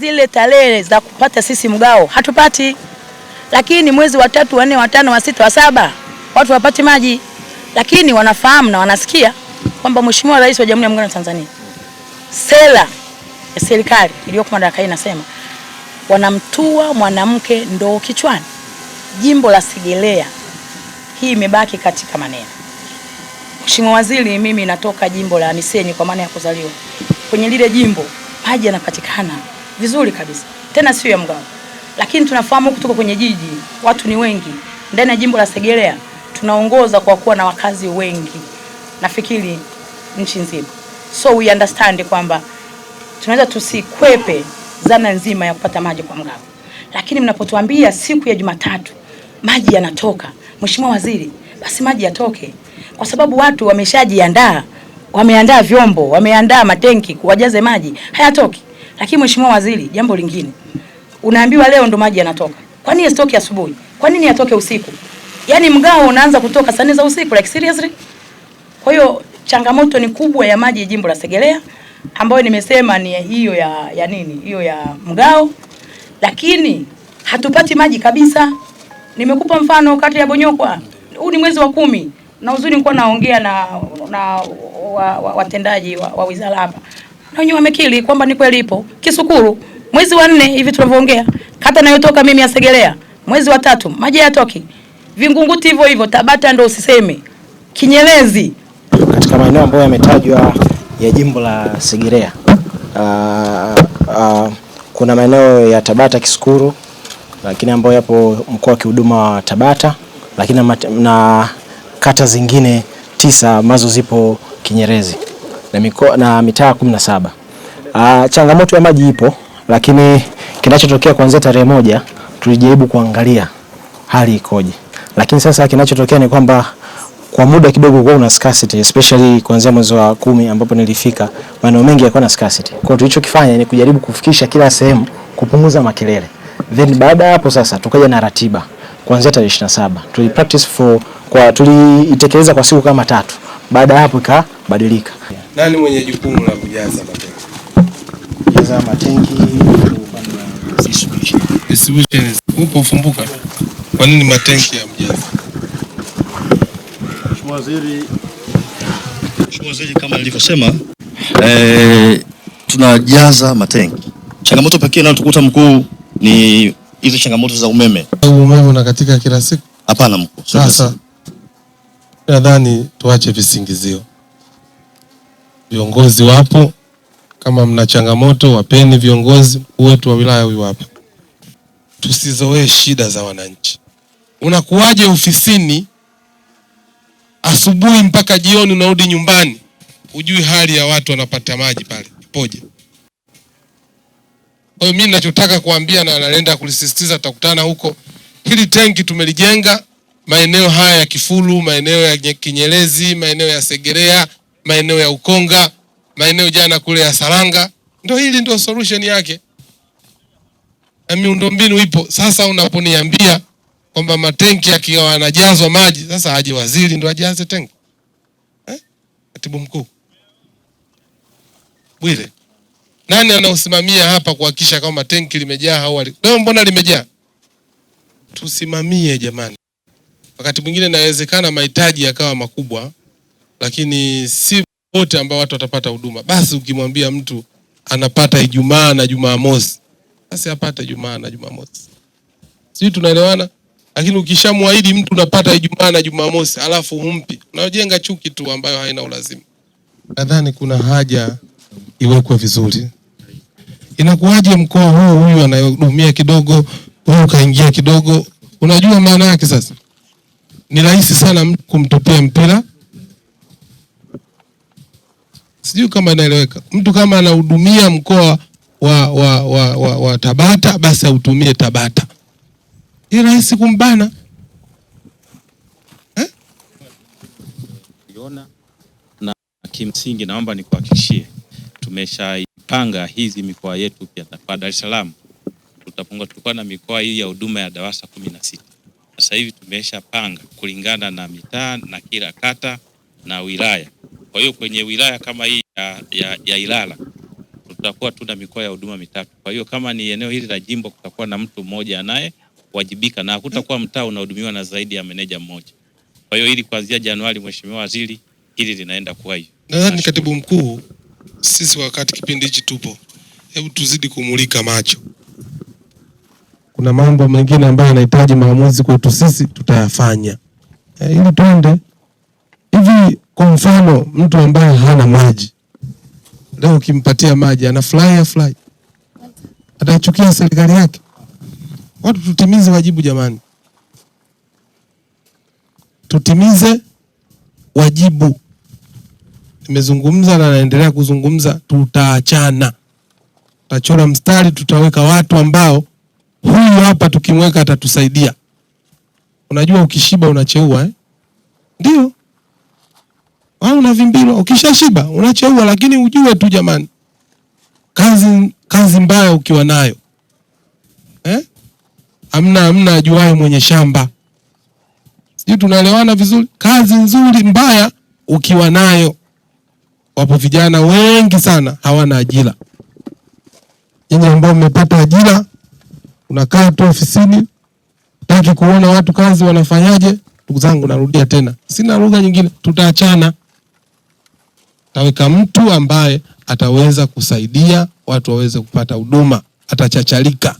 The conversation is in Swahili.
Zile tarehe za kupata sisi mgao hatupati, lakini mwezi wa tatu, wa nne, wa tano, wa sita, wa saba watu wapate maji, lakini wanafahamu na wanasikia kwamba Mheshimiwa Rais wa Jamhuri ya Muungano wa Tanzania, sera ya serikali iliyoko madarakani inasema wanamtua mwanamke ndoo kichwani. Jimbo la Segerea hii imebaki katika maneno. Mheshimiwa Waziri, mimi natoka jimbo la Misenyi kwa maana ya kuzaliwa kwenye lile jimbo, maji yanapatikana vizuri kabisa, tena sio ya mgao. Lakini tunafahamu kutoka kwenye jiji watu ni wengi, ndani ya jimbo la Segerea tunaongoza kwa kuwa na wakazi wengi, nafikiri nchi nzima. So we understand kwamba tunaweza tusikwepe zana nzima ya kupata maji kwa mgao, lakini mnapotuambia siku ya Jumatatu maji yanatoka, Mheshimiwa Waziri, basi maji yatoke, kwa sababu watu wameshajiandaa, wameandaa vyombo, wameandaa matenki kuwajaze maji, hayatoki. Lakini mheshimiwa waziri, jambo lingine unaambiwa leo ndo maji yanatoka. Kwa nini yasitoke asubuhi? Kwa nini yatoke usiku? Yaani mgao unaanza kutoka saa nne za usiku like seriously? Kwa hiyo changamoto ni kubwa ya maji jimbo la Segerea ambayo nimesema ni hiyo ya, ya nini hiyo ya mgao, lakini hatupati maji kabisa. Nimekupa mfano kati ya Bonyokwa, huu ni mwezi wa kumi na uzuri nilikuwa naongea na, na watendaji wa, wa, wa wizara hapa na wenyewe wamekiri kwamba ni kweli ipo. Kisukuru mwezi wa nne hivi tunavyoongea, kata nayotoka mimi Asegelea, mwezi wa tatu maji yatoki. Vingunguti hivyo hivyo, Tabata ndo usiseme, Kinyerezi, katika maeneo ambayo yametajwa ya jimbo la Segerea. Uh, ah, uh, ah, kuna maeneo ya Tabata Kisukuru, lakini ambayo yapo mkoa wa kihuduma wa Tabata, lakini na kata zingine tisa ambazo zipo Kinyerezi na mikoa na mitaa 17. Ah, changamoto ya maji ipo, lakini kinachotokea kuanzia tarehe moja tulijaribu kuangalia hali ikoje, lakini sasa kinachotokea ni kwamba kwa muda kidogo kwa una scarcity especially kuanzia mwezi wa kumi ambapo nilifika, maeneo mengi yalikuwa na scarcity. Kwa hiyo tulichokifanya ni kujaribu kufikisha kila sehemu, kupunguza makelele. Then baada ya hapo sasa tukaja na ratiba kuanzia tarehe 27. Tuli practice for kwa tuliitekeleza kwa siku kama tatu. Baada ya hapo ikabadilika. Nani mwenye jukumu la kujaza matenki? Kujaza matenki distribution upo ufumbuka. Kwa nini matenki ya mjaza? Mheshimiwa Waziri, Mheshimiwa Waziri, kama nilivyosema eh, tunajaza matenki. Changamoto pekee inayotukuta mkuu ni hizo changamoto za umeme. Umeme unakatika kila siku? Hapana mkuu. Sasa nadhani tuache visingizio viongozi wapo. Kama mna changamoto, wapeni viongozi. wetu wa wilaya huyu hapa. Tusizoee shida za wananchi. Unakuwaje ofisini asubuhi mpaka jioni, unarudi nyumbani, hujui hali ya watu wanapata maji pale ipoje? Kwa hiyo mimi ninachotaka kuambia na naenda kulisisitiza, tutakutana huko. Hili tenki tumelijenga maeneo haya ya Kifulu, maeneo ya Kinyerezi, maeneo ya Segerea maeneo ya Ukonga, maeneo jana kule ya Saranga. Ndio hili ndio solution yake, na miundombinu ipo. Sasa unaponiambia kwamba matenki yakiwa yanajazwa maji, sasa aje waziri ndio ajaze tenki eh? Katibu mkuu Bwile, nani anaosimamia hapa kuhakikisha kama tenki limejaa au leo? Mbona limejaa? Tusimamie jamani, wakati mwingine inawezekana mahitaji yakawa makubwa lakini si wote ambao watu watapata huduma. Basi ukimwambia mtu anapata Ijumaa na Jumamosi, basi apata Ijumaa na Jumamosi, sijui tunaelewana. Lakini ukishamwahidi mtu unapata Ijumaa na Jumamosi alafu humpi, unajenga chuki tu ambayo haina ulazima. Nadhani kuna haja iwekwe vizuri. Inakuwaje mkoa huu huyu anahudumia kidogo, huyu kaingia kidogo? Unajua maana yake sasa, ni rahisi sana mtu kumtupia mpira sijui kama inaeleweka. Mtu kama anahudumia mkoa wa, wa, wa, wa, wa Tabata basi autumie Tabata, ni rahisi kumbana eh? kimsingi naomba nikuhakikishie tumeshaipanga hizi mikoa yetu pia. Kwa Dar es Salaam tutapunga, tulikuwa na mikoa hii ya huduma ya DAWASA kumi na sita sasa hivi tumeshapanga kulingana na mitaa na kila kata na wilaya. Kwa hiyo kwenye wilaya kama hii ya, ya, ya Ilala tutakuwa tuna mikoa ya huduma mitatu. Kwa hiyo kama ni eneo hili la jimbo kutakuwa na mtu mmoja anayewajibika na hakutakuwa mtaa unahudumiwa na zaidi ya meneja mmoja. Kwa hiyo hili kuanzia Januari, Mheshimiwa Waziri, hili linaenda kuwa hivyo. Nadhani Katibu Mkuu, sisi wakati kipindi hichi tupo, hebu tuzidi kumulika macho. Kuna mambo mengine ambayo yanahitaji maamuzi kwetu sisi, tutayafanya e, ili tuende hivi. Kwa mfano mtu ambaye hana maji leo ukimpatia maji anafurahi, afurahi? Atachukia serikali yake? Watu tutimize wajibu jamani, tutimize wajibu. Nimezungumza na naendelea kuzungumza, tutaachana, tutachora mstari, tutaweka watu ambao huyu hapa tukimweka atatusaidia. Unajua ukishiba unacheua eh? Ndio wewe unavimbilwa, ukishashiba unacheua, lakini ujue tu jamani, kazi kazi mbaya ukiwa nayo eh? Amna amna ajuayo mwenye shamba, sijui tunaelewana vizuri. Kazi nzuri mbaya ukiwa nayo. Wapo vijana wengi sana hawana ajira. Nyinyi ambao mmepata ajira, unakaa tu ofisini, taki kuona watu kazi wanafanyaje. Ndugu zangu, narudia tena, sina lugha nyingine, tutaachana taweka mtu ambaye ataweza kusaidia watu waweze kupata huduma, atachachalika